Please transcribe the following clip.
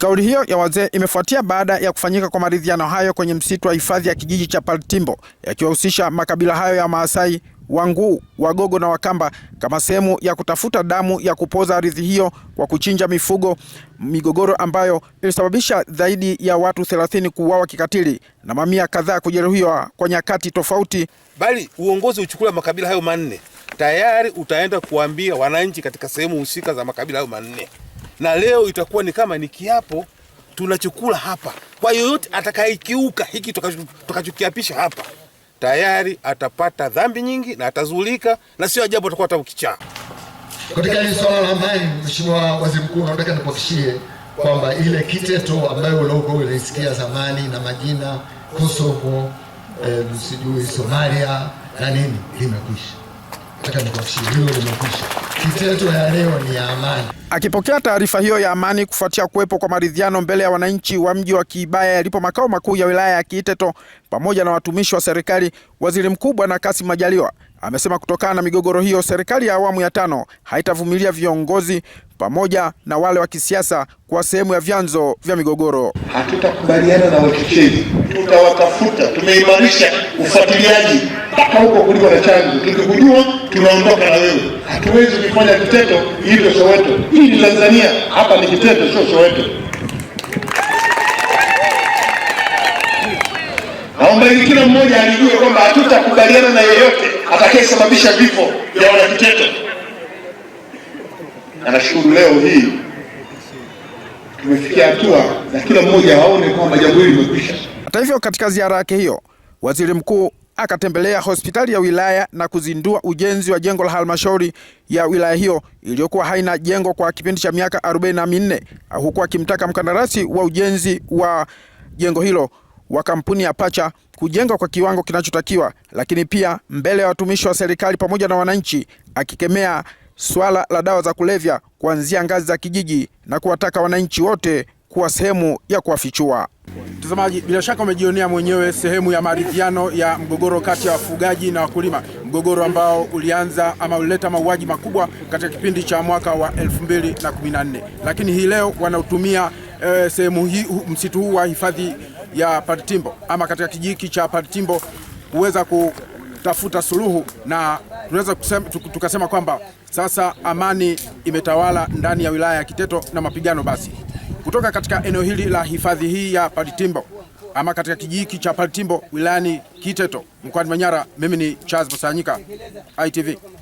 Kauli hiyo ya wazee imefuatia baada ya kufanyika kwa maridhiano hayo kwenye msitu wa hifadhi ya kijiji cha Paltimbo yakiwahusisha makabila hayo ya Maasai, Wanguu, Wagogo na Wakamba kama sehemu ya kutafuta damu ya kupoza ardhi hiyo kwa kuchinja mifugo, migogoro ambayo ilisababisha zaidi ya watu 30 kuuawa kikatili na mamia kadhaa kujeruhiwa kwa nyakati tofauti. Bali uongozi uchukula makabila hayo manne, tayari utaenda kuambia wananchi katika sehemu husika za makabila hayo manne na leo itakuwa ni kama ni kiapo tunachokula hapa. Kwa yoyote atakayekiuka hiki tutakachokiapisha hapa, tayari atapata dhambi nyingi na atazulika, na sio ajabu atakuwa hata ukichaa. Katika hili swala la amani, Mheshimiwa Waziri Mkuu, nataka nikuhakikishie kwamba ile Kiteto ambayo uliokuwa unaisikia zamani na majina Kosovo, eh, sijui Somalia na nini limekwisha. Nataka nikuhakikishie hilo limekwisha. Kiteto ya leo ni ya amani. Akipokea taarifa hiyo ya amani kufuatia kuwepo kwa maridhiano mbele ya wananchi wa mji wa Kiibaya yalipo makao makuu ya wilaya ya Kiteto pamoja na watumishi wa serikali, Waziri Mkuu Bwana Kassim Majaliwa amesema kutokana na migogoro hiyo, serikali ya awamu ya tano haitavumilia viongozi pamoja na wale wa kisiasa kwa sehemu ya vyanzo vya migogoro. Hatutakubaliana na wachochezi, tutawatafuta. Tumeimarisha ufuatiliaji mpaka huko kuliko na chanzo. Tukikujua tunaondoka na wewe. Hatuwezi kufanya Kiteto hivyo Soweto. Hii ni Tanzania, hapa ni Kiteto sio Soweto. Naomba ili kila mmoja alijue kwamba hatutakubaliana na yeyote atakayesababisha vifo vya wanakiteto. Na nashukuru leo hii tumefikia hatua na kila mmoja aone kwamba jambo hili limekwisha. Hata hivyo, katika ziara yake hiyo, waziri mkuu akatembelea hospitali ya wilaya na kuzindua ujenzi wa jengo la halmashauri ya wilaya hiyo iliyokuwa haina jengo kwa kipindi cha miaka 44 minne huku akimtaka mkandarasi wa ujenzi wa jengo hilo wa kampuni ya Pacha kujenga kwa kiwango kinachotakiwa, lakini pia mbele ya watumishi wa serikali pamoja na wananchi, akikemea swala la dawa za kulevya kuanzia ngazi za kijiji na kuwataka wananchi wote kuwa sehemu ya kuwafichua. Mtazamaji, bila shaka umejionea mwenyewe sehemu ya maridhiano ya mgogoro kati ya wafugaji na wakulima, mgogoro ambao ulianza ama ulileta mauaji makubwa katika kipindi cha mwaka wa 2014 lakini hii leo wanautumia e, sehemu hii msitu huu wa hifadhi ya Paritimbo ama katika kijiji cha Paritimbo kuweza kutafuta suluhu na tunaweza tukasema kwamba sasa amani imetawala ndani ya wilaya ya Kiteto na mapigano basi kutoka katika eneo hili la hifadhi hii ya Palitimbo ama katika kijiji hiki cha Palitimbo wilayani Kiteto mkoani Manyara. Mimi ni Charles Masanyika, ITV.